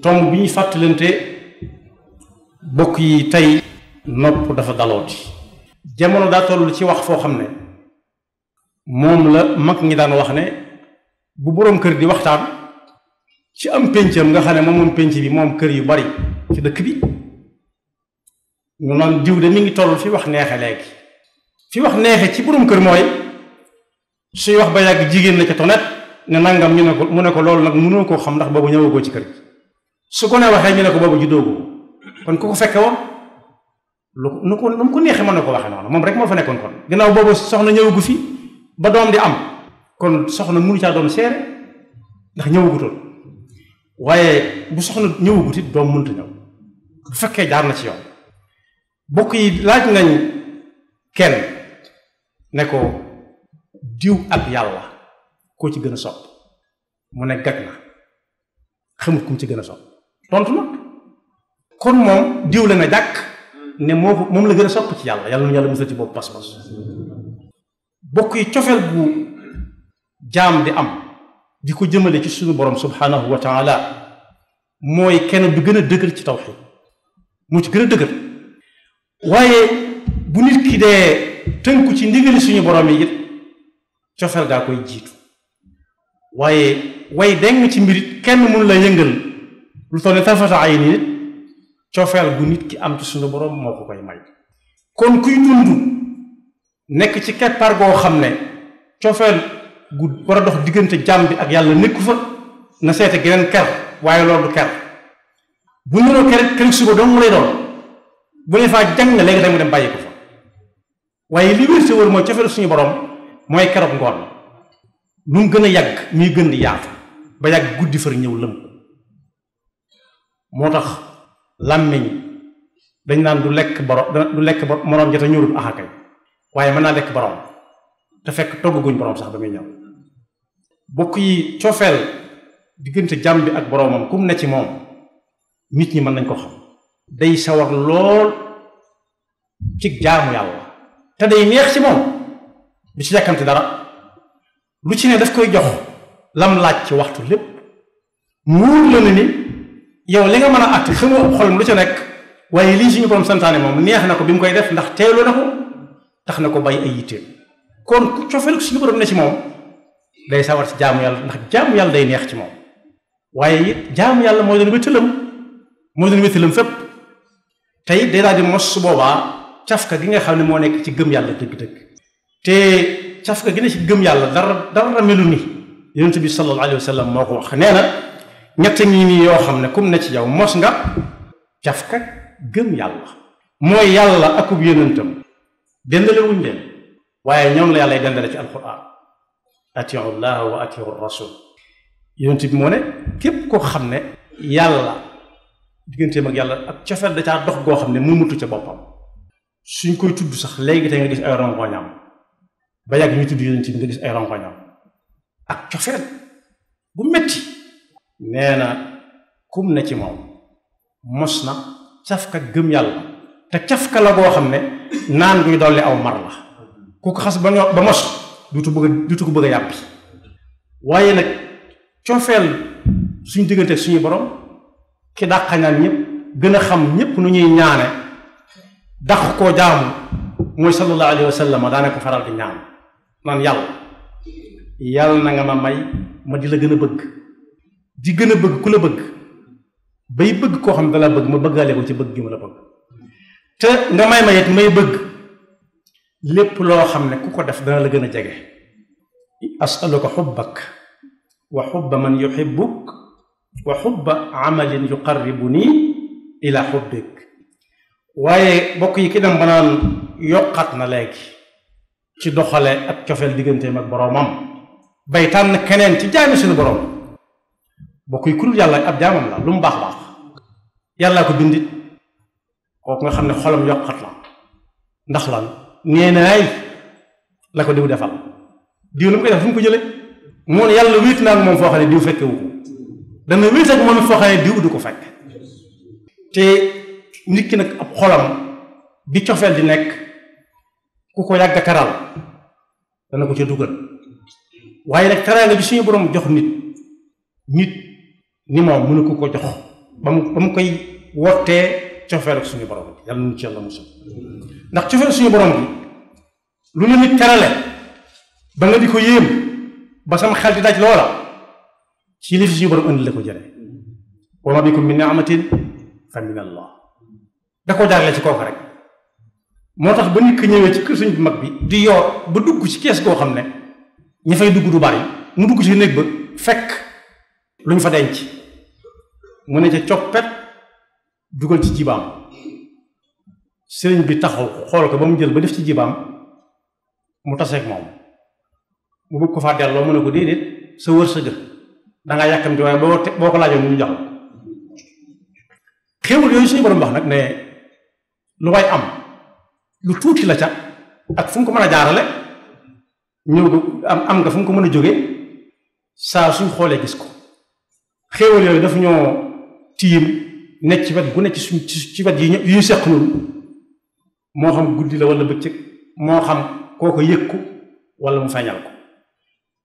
ton bi ñu fàttalante bokk yi tey nopp dafa dalooti jamono daa toll ci wax foo xam ne moom la mag ngi daan wax ne bu boroom kër di waxtaan ci am péncam nga xam ne moom moom pénc bi moom kër yu bari ci dëkk bi ñu naan diw de mi ngi toll fi wax neexe léegi fi wax neexe ci boroom kër mooy suy wax ba yàgg jigéen la ca tonet ne nangam ñu ne ko mu ne ko loolu nag mënoo koo xam ndax boobu ñëwagoo ci kër su ko ne waxee ñu ne ko boobu juddoogu kon ku ko fekke woon lu nu ko nu mu ko neexee mën na ko waxee noonu moom rek moo fa nekkoon kon ginnaaw boobu soxna ñëwagu fi doom di am kon soxna mënu caa doon seere ndax ñëwagutoon waaye bu soxna ñëw bu fekkee jaar na ci yoon yi laaj nañ kenn ne ko diw ak yàlla koo ci gën a sopp mu ne gag na xamut kum ci gën a sopp tontu na kon moom diw na jàkk ne moo moom la gën a sopp ci yàlla yàlla nu yàlla musal ci boobu pas-pas bokk yi cofeel bu jaam di am di ko jëmale ci suñu borom subhanahu wa taala mooy kenn du gën a dëgër ci taw moo ci gën a dëgër waaye bu ki dee tënku ci ndigali suñu borom yi it cofeel gaa koy jiitu waaye way deng ci mbirit kenn mënu la yëngal lu toll ne tarfata ay nii cofeel gu nit ki am ci suñu borom moo ko koy may kon kuy dund nekk ci keppaar goo xam ne cofeel gu war a dox diggante jàmm bi ak yàlla nekku fa na seete geneen ker waaye loolu ker bu ñu doon ker ker suba dong lay doon bu ne faa jàng na léegi da dem bàyyi ko fa waaye li wér te wër mooy cofeel suñu borom mooy keroog ngoon lu mu gën a yàgg muy gën di yaatu ba yàgg guddi far ñëw lëm moo tax làmmiñ dañ naan du lekk borom du lekk moroom ja te ñuurut axa waaye mën naa lekk borom te fekk togguñ borom sax ba muy ñëw bokk yi coofeel diggante jàmm bi ak boromam kum ne ci moom nit ñi mën nañ ko xam day sawar lool ci jaamu yàlla te day neex ci moom du ci yàkkamte dara lu ci ne daf koy jox lam laaj ci waxtu lépp muur la ne ni yow li nga mën a àtte xamoo xolam lu ca nekk waaye lii suñu borom santaane moom neex na ko bi mu koy def ndax teelu na ko tax na ko bàyyi ay yitteem kon cofeel suñu borom ne ci moom day sawar ci jaamu yàlla ndax jaamu yàlla day neex ci moom waaye it jaamu yàlla moo doon wéttalam moo doon wéttalam fépp tey day daal di mos su boobaa cafka gi nga xam ne moo nekk ci gëm yàlla dëgg-dëgg te cafka gi ne ci gëm yàlla dara dara melu ni yonent bi sallallahu alayhi wa sallam moo ko wax nee na ñett ngi nii yoo xam ne kum ne ci yow mos nga caf ka gëm yàlla mooy yàlla akub yonentam dendalewuñ leen waaye ñoom la yàlla dendale ci alquran atiu llah wa atiu rasul yonent bi képp koo xam ne yàlla digganteem ak yàlla ak cofeel da caa dox goo xam ne mu mutu ca boppam suñ koy tudd sax léegi tey nga gis ay rongoñam ba yàgg ñu tudd yonent bi nga gis ay rongoñam ak cofeel bu metti nee na kum ne ci moom mos na cafka gëm yàlla te cafka la boo xam ne naan guy dolli aw mar la ku ko xas ba ño ba mos dutu bëgg dutu ko bëgg a yàppi waaye nag coofeel suñu diggante suñu borom ki dàqa ñaan ñëpp gën a xam ñëpp nu ñuy ñaane dàq koo jaamu mooy sallallahu alayhi wa sallam daane faral di ñaan naan yàlla yàlla na nga ma may ma di la gën a bëgg di gën a bëgg ku la bëgg bay bëgg koo xam ne dalaa bëgg ma bëggaale ko ci bëgg gi ma la bëgg te nga may mayet may bëgg lépp loo xam ne ku ko def dana la gën a jege asaluka xubbak wa xubba man yuxibbuk wa xubba amalin yuqarribuni ila xubbik waaye bokk yi ki dem ba naan yokkaat na léegi ci doxale ak cofeel digganteem ak boroomam bay bokk yi ku dul yàlla ab jaamam la lu mu baax baax yàllaa ko bindit kooku nga xam ne xolam yokkat la ndax lan nee naay la ko diw defal diw lu mu koy def fu mu ko jële moo ne yàlla wéet naa ak moom foo xam ne diw fekke wu ko dana wéet ak moom foo xam ne diw du ko fekk te nit ki nag ab xolam bi cofeel di nekk ku ko yàgg taral dana ko ca dugal waaye nag taral bi suñu borom jox nit nit ni moom mënu ko ko jox ba mu ba mu koy wottee cofeel ak suñu borom bi yàlla nu ci yàlla musal ndax cofeel suñu borom bi lu ne nit terale ba nga di ko yéem ba sama xel di daj loola ci li fi suñu borom indi ko jëlee wa ma bikum min ni'matin fa min allah da koo jaarale ci kooku rek moo tax ba nit ko ñëwee ci kër suñ bu mag bi di yoor ba dugg ci kees goo xam ne ña fay dugg du bari mu dugg ci néeg ba fekk lu ñu fa denc mu ne ca coppet dugal ci jibaam sëriñ bi taxaw xool ko ba mu jël ba def ci jibaam mu taseek moom mu bëgg ko faa delloo mu ne ko déedéet sa wërsëg dangaa yàkkamti waaye boo boo ko laajoon ñu jox xéewal yooyu suñu borom wax nag ne lu way am lu tuuti la ca ak fu mu ko mën a jaarale ñëw am nga fu mu ko mën a jóge saa suñ xoolee gis ko xéewal yooyu dafa ñoo tiim nekk ci wet gu nekk ci wet yi ñu yi seq noonu moo xam guddi la wala bëccëg moo xam koo ko yëg ko wala mu feeñal ko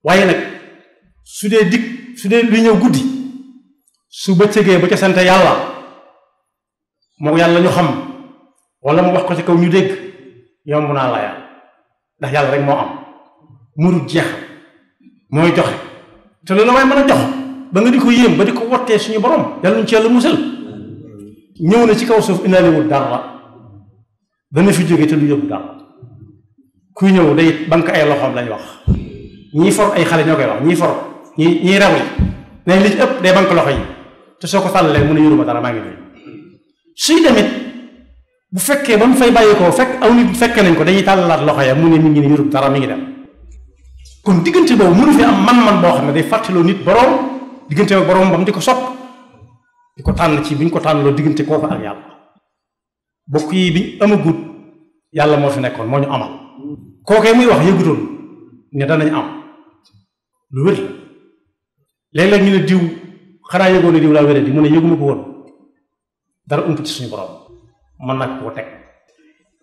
waaye nag su dee dikk su dee lu ñëw guddi su bëccëgee ba ca sant yàlla moo yàlla ñu xam wala mu wax ko ci kaw ñu dégg yomb naa la yàlla ndax yàlla rek moo am murut jeexal mooy joxe te loolu may mën a jox ba nga di ko yéem ba di ko wottee suñu borom yàlla nañu ci yàlla musal ñëw na ci kaw suuf indaaliwul dara dana fi jóge te du yóbbu dara kuy ñëw day bank ay loxoom lañ wax ñii for ay xale ñoo koy wax ñii for ñii ñii nañ li ci ëpp day bank loxo yi te soo ko tàllalee mun a ma dara maa ngi nii suy demit bu fekkee ba mu fay bàyyi koo fekk aw nit fekkee nañ ko dañuy tàllalaat loxo ya mu ne mi ngi ne yorub dara mu ngi dem kon diggante boobu mënu fi man boo xam ne day fàttaloo nit boroom diggante ak borom bam di ko sopp di ko tànn ci buñ ko tànnloo diggante kooku ak yàlla bokk yi bi amagut yàlla moo fi nekkoon moo ñu amal kookee muy wax yëgutoon ne danañ am lu wér la léeg-léeg ñu ne diw xanaa yëgoon ne diw laa wéré di mu ne yëguma ko woon dara ump ci suñu borom mën nag koo teg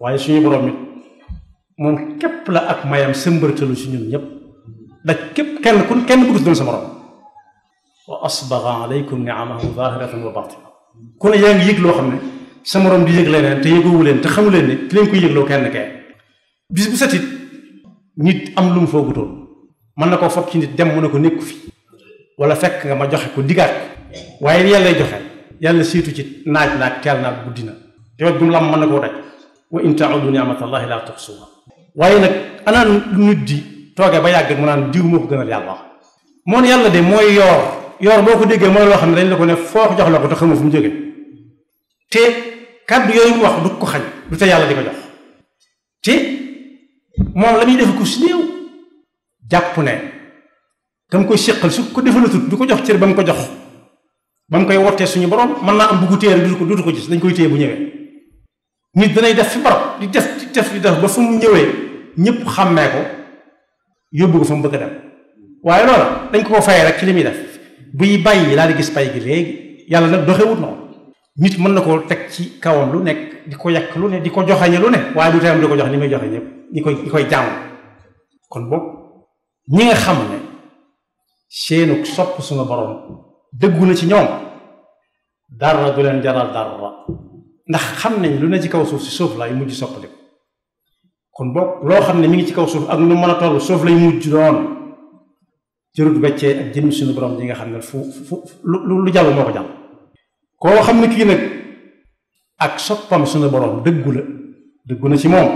waaye suñu borom mi moom képp la ak mayam sëmbërtalu si ñun ñëpp daj képp kenn ku kenn ku gis doon sa morom wa asbaga alaykum niamahu zahiratan loo xam ne sa morom di yëg leneen te yëgoowu leen xamu leen ne ki leen ko yëgloo kenn nit am lu mu foogutoon mën na koo fob ci nit dem ko nekku fi wala fekk ma joxe ko digaat waaye yàlla lay joxe yàlla siitu ci naaj naag teel naag guddi na te wat bu mu lam mën na koo daj wa in taudu waaye nag anaan lu nit di toogee ba yàgg mu naan diw moo ko gënal yàlla wax moon yàlla de mooy yoor yoor boo ko déggee moo loo xam ne dañ la ko ne foo ko jox la ko te xamoo fu mu jóge te kàddu yooyu mu wax du ko xañ du te yàlla di ko jox te moom la muy def ko si néew jàpp ne dama koy séqal su ko defalatut du ko jox cër ba mu ko jox ba mu koy suñu borom mën naa am buggu téere dutu ko dutu ko gis dañ koy téye bu ñëwee nit danay def fi barab di def di def def ba fu mu ñëwee ñëpp xàmmee ko yóbbu ko fa mu bëgg a dem waaye loola dañ ko ko fayee rek ci li muy def buy bàyyi laa di gis pay gi léegi yàlla nag doxewut noonu nit mën na koo teg ci kawam lu nekk di ko yàq lu ne di ko joxañe lu ne waaye du tayam di ko jox ni muy joxe ñëpp ñi koy ñi koy jaamu kon boog ñi xam ne seenu sopp borom dëggu ci ñoom dara du leen jaral dara ndax xam nañ lu ne ci kaw suuf si suuf lay mujj soppaliku kon boog loo xam ne mi ngi ci kaw suuf ak nu mën a toll suuf lay mujj doon jërut weccee ak jëmm suñu borom ji nga xam ne fu fu lu jàll moo ko jàll koo xam ne kii nag ak soppam suñu borom dëggu la dëggu na ci moom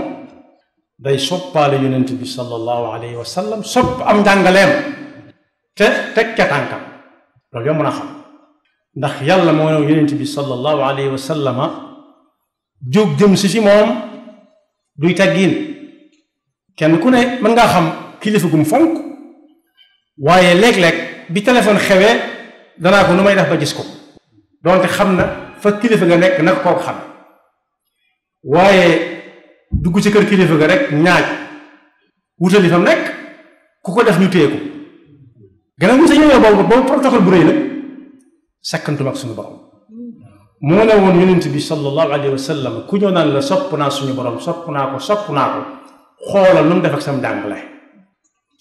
day soppaale yonent bi sallallahu alayhi wa sallam sopp am njàngaleem te teg ca tànkam loolu yomb na xam ndax yàlla moo ne yonent bi sallallahu alayhi wa sallama jóg jëm si si moom duy teggin kenn ku ne mën ngaa xam kilifa gum fonk waaye léeg-léeg bi téléphone xewee danaa ko nu may def ba gis ko donte xam na fa kilifa nga nekk nag kooku xam waaye dugg ci kër kilifa nga rek ñaaj wutali fam nekk ku ko def ñu téye ko gannaaw bi sa ñëwee boobu boobu protocole bu rëy la suñu borom moo ne woon yonent bi sallallahu alayhi wa sallam ku ñëw naan la sopp naa suñu borom sopp naa ko sopp naa ko xoolal nu mu def ak sam dàngale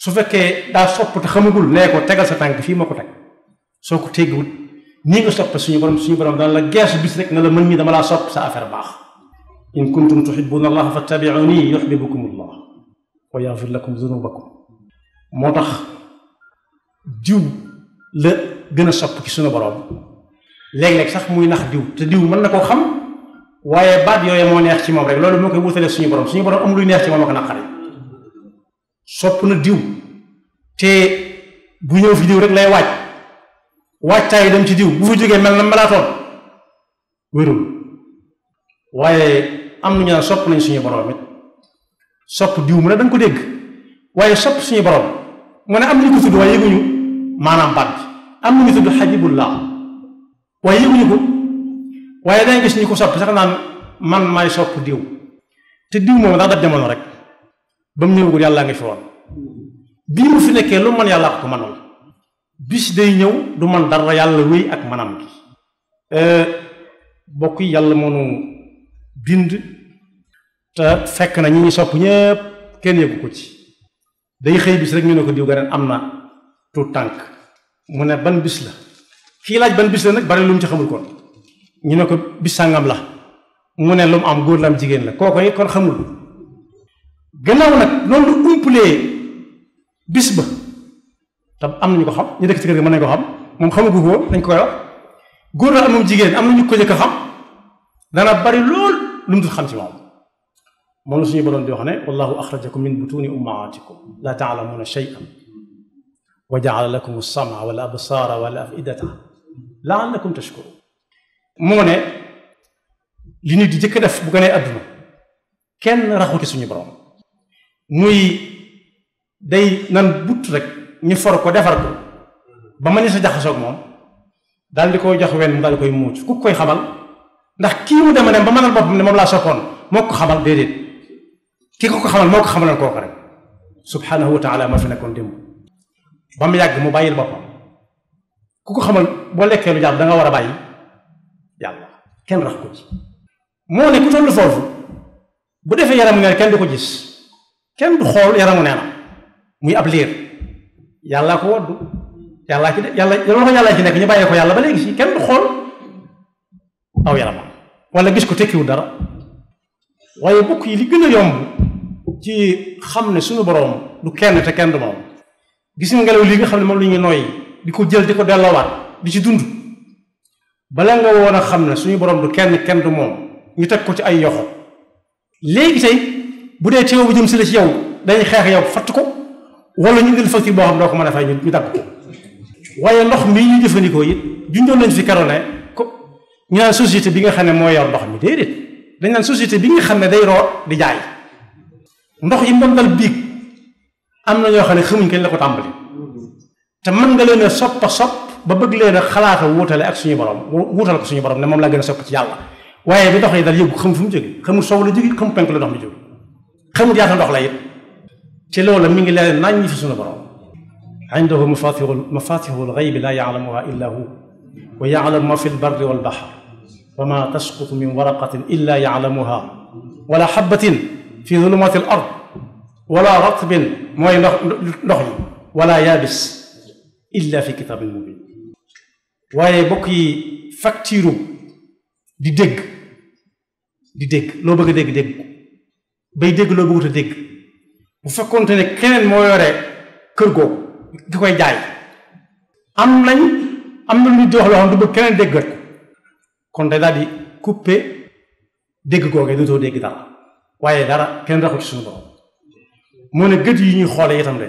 su fekkee daa sopp te xamagul nee ko tegal sa tànk fii ma ko teg soo ko teggiwut nii nga soppe suñu borom suñu borom daan la geesu bis rek na la mën ñi dama laa sopp sa affaire baax in kuntum tuhibbuna allah fattabi'uni yuhibbukum allah wa yaghfir lakum dhunubakum moo tax diw la gën a sopp ci suñu borom léeg-léeg sax muy nax diw te diw na koo xam waaye baat yooyu moo neex ci moom rek loolu moo koy wutalee suñu borom suñu borom am luy neex ci moom ak naqari sopp na diw te bu ñëw fi diw rek lay waaj waajtaay yi dem ci diw bu fi jógee mel na melaatoon wérul waaye am nañu naan sopp nañ suñu borom it sopp diw mu ne dañ ko dégg waaye sopp suñu borom mu ne am nañu ko tudd waaye yëguñu maanaam baat bi am nañu tudd xajibullah waaye yëguñu ko waaye danga gis ñu ko sopp sax naan man maay sopp diw te diw moom ndax daf jamono rek ba mu ñëwagul yàlla nga fi woon bii mu fi nekkee lu man yàlla ko manal bis day ñëw du man dara yàlla wéy ak manam gi euh, bokk yi yàlla moo nu bind te fekk na ñi ñu sopp ñépp kenn yëgu ko ci day xëy bis rek ñu ne ko diw ga am na tuut tànk mu ne ban bis la kii laaj ban bis la nag bari lu mu ci xamul kon ñu ne ko bis sàngam la mu ne lu mu am góor la jigéen la kooko yi kon xamul gannaaw nag noonu lu umpalee bis ba te am nañu ko xam ñu dëkk ci kër gi mën ko xam moom xamagu ko dañ koy wax góor la amum jigéen am nañu ko njëkk a xam dana bari lool lu mu dul xam ci moom moom la suñu boroom di wax ne wallahu axrajakum min butuni ummahatikum la taalamuuna shay'an wa jaala lakum as-sam'a wal absaara wal af'idata la'allakum tashkurun moo ne li nit di jëkk def bu gënee àdduna kenn raxu ci suñu borom muy day nan but rek ñu for ko defar ko ba ma ne sa jaxasoo moom dal di koy jox wenn mu daal di koy muuc ku koy xamal ndax kii mu dema dem ba mënal boppam ne moom laa soppoon moo ko xamal déedéet ko ko xamal moo ko xamalal kooku nekkoon démb ba mu yàgg mu bàyyil boppam ku ko xamal boo lekkee lu jàpp da nga war a bàyyi yàlla kenn rax ko ci moo ne ku tollu foofu bu defee yaram ne kenn du ko gis kenn du xool yaramu neenam muy ab liir yàllaa ko woddu yàllaa ci yàlla loxo yàllaa ci nekk ñu bàyyee ko yàlla ba léegi si kenn du xool aw yaramam wala gis ko tekkiwul dara waaye bokk yi li gën a yomb ci xam ne suñu boroom du kenn te kenn du moom ngelaw lii nga xam ne moom la ñuy di ko jël di di ci dund bala nga xam ne suñu boroom du kenn kenn du moom ñu teg ko ci ay yoxo léegi tey bu dee teew bu jëm si la ci yow dañuy xeex yow fatt ko wala ñu indil facture boo xam doo ko fay ñu ñu dagg ko ndox mi ñu jëfandikoo it junjoon nañ fi karone ko ñu naan bi nga xam ne moo yor ndox mi déedéet dañ naan société bi nga xam ne day root di jaay ndox yi doon dal biig am na ñoo xam ne xamuñ kañ la ko tàmbali te mën nga leen a sopp a sopp ba bëgg leen a xalaata wutale ak suñu borom wuutal ko suñu borom ne moom laa gën a sopp ci yàlla waaye bi ndox yi dal yëgu xam fu mu jóge xamul sow la jóge xamu penk la ndox mi jóge xamut yaata ndox la it ci loolu mi ngi leen nañ ñi fi sunu borom indahu mafatihu mafatihu lxaybi laa yaalamuha illa hu wa yaalamu ma fi lbarri walbaxr wa ma tasqutu min waraqatin illa yaalamuha wala xabatin fi zulumati al ard wala ratbin mooy ndox ndox yi wala yaabis illa fi kitaabin mubin waaye bokk yi facture di dégg di dégg loo bëgg a dégg dégg bay dégg loo bëggut a dégg bu fekkonte ne keneen moo yore kër googu di koy jaay am nañ am na lu ñuy jox loo xam du bëgg keneen déggat ko kon de daal di couper dégg googee dootoo dégg dara waaye dara kenn raxul ci suñu borom moo ne gët yi ñuy xoole itam de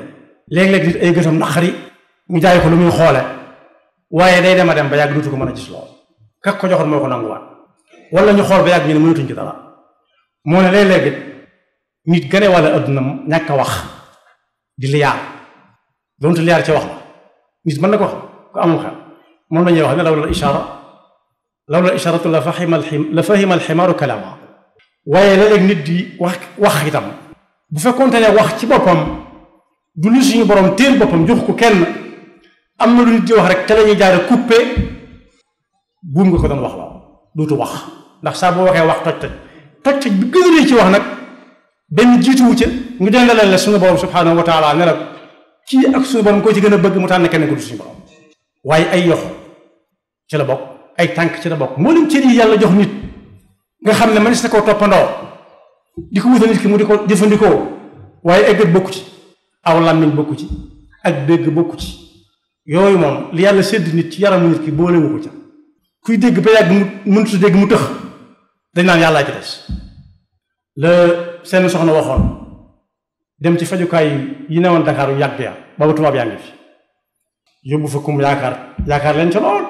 léeg-léeg nit ay gëtam naqari mu jaay ko lu muy xoole waaye day dem a dem ba yàgg dootu ko mën a gis lool kak ko joxoon moo ko nanguwaat wala ñu xool ba yàgg ñu ne mënatuñ ci dara moo ne léeg-léeg nit gane walla adduna ñàkk a wax di liyaar doonte liyaar ca wax la nit man na ko wax ko amul xel moom la ñuy wax ne law la ishaara law la ishaaratu la fahima la fahima alximaaru kalaama waaye léeg-léeg nit di wax wax itam bu fekkoonte ne wax ci boppam du lu suñu borom téel boppam jox ko kenn am na lu nit di wax rek te la ñuy jaare coupé buum nga ko doon wax la dootu wax ndax saa waxee wax toj toj toj toj bi gën a ci wax nag benn jiituwu ca ñu dendalee la suñu borom subhaanahu wa taala ne la kii ak suñu borom koo ci gën a bëgg mu tànn kenn ku du suñu borom waaye ay yoxo ci la bokk ay tànk ci la bokk moo leen yàlla jox nit nga xam ne mënees na koo toppandoo di ko wutal mu di jëfandikoo waaye ay bët bokku ci aw làmmiñ bokku ci ak dégg bokku ci yooyu moom li yàlla sedd nit ci yaramu nit ki boolewu ko ca kuy dégg ba yàgg mu mënut dégg mu tëx dañ naan yàllaa ci des seen soxna waxoon dem ci fajukaay yi newoon Dakar yu yàgg ya boobu tubaab yaa ngi fi yóbbu fa kum yaakaar yaakaar leen ca lool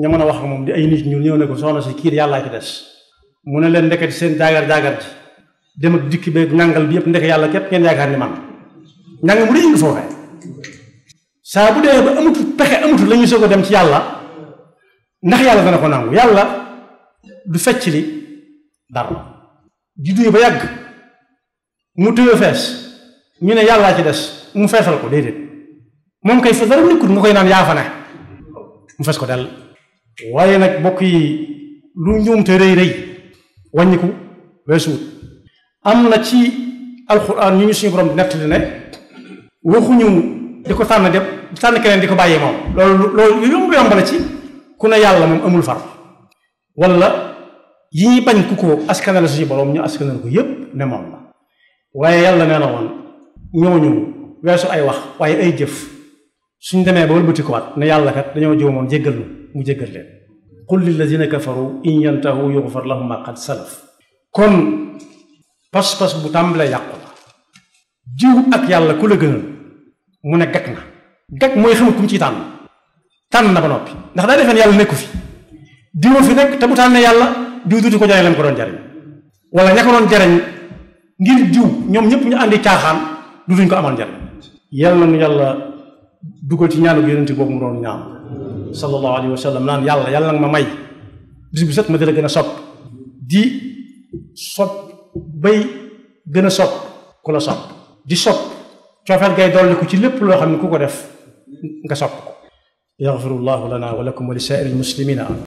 ña mën wax moom di ay nit ñu ñëw ne ko soxna si kii yàllaa ci des mu ne leen ndeketi seen jaagar jaagar ji dem ak dikk beeg nangal bi yëpp ndek yàlla képp ngeen yaakaar ni man nangam mu dee indi foofee saa bu dee ba amatul pexe amatul la ñuy soog a dem ci yàlla ndax yàlla dana ko nangu yàlla du fecc li dara di duy ba yàgg mu tëye fees ñu ne yàllaa ci des mu feesal ko déedéet moom kay fa dara nekkut nga koy naan yaafa fa ne mu fees ko dell waaye nag bokk yi lu njuumte rëy rëy wàññiku weesuwut am na ci alxuraan ñu ñu suñu borom nettali ne waxuñu di ko tànn de tànn keneen di ko bàyyee moom loolu loolu yomb yomb ci ku ne yàlla moom amul far wala yi ñuy bañ ku ko askanale suñu borom ñu askanal ko yépp ne moom la waaye yàlla nee na woon ñooñu weesu ay wax waaye ay jëf suñ demee ba wëlbatikuwaat ne yàlla kat dañoo juumoon jéggal nu mu jéggal leen qul lillazina kafaru in yantahu yughfar lahum ma qad salaf kon pas-pas bu tàmbalee yàqu la jiw ak yàlla ku la gënal mu ne gag na gag mooy xamul ku mu tànn tànn na ba noppi ndax daa defeen yàlla nekku fi diwa fi nekk te bu tànnee yàlla diw di ko jariñ la mu ko doon jariñ wala ña ko doon jariñ ngir diw ñoom ñëpp ñu àndi caaxaan duutuñ ko amal njariñ yal na nu yàlla dugal ci ñaanu yonente boobu mu doon ñaan sallallahu alayhi wa sallam yàlla yàlla nag ma may bis bu set ma dina gën a sopp di sopp bay gën a sopp ku la sopp di sopp coofeel gay dolli ko ci lépp loo xam ne ku ko def nga sopp ko yaxfirullahu lana wa lakum wa li saa'iril muslimina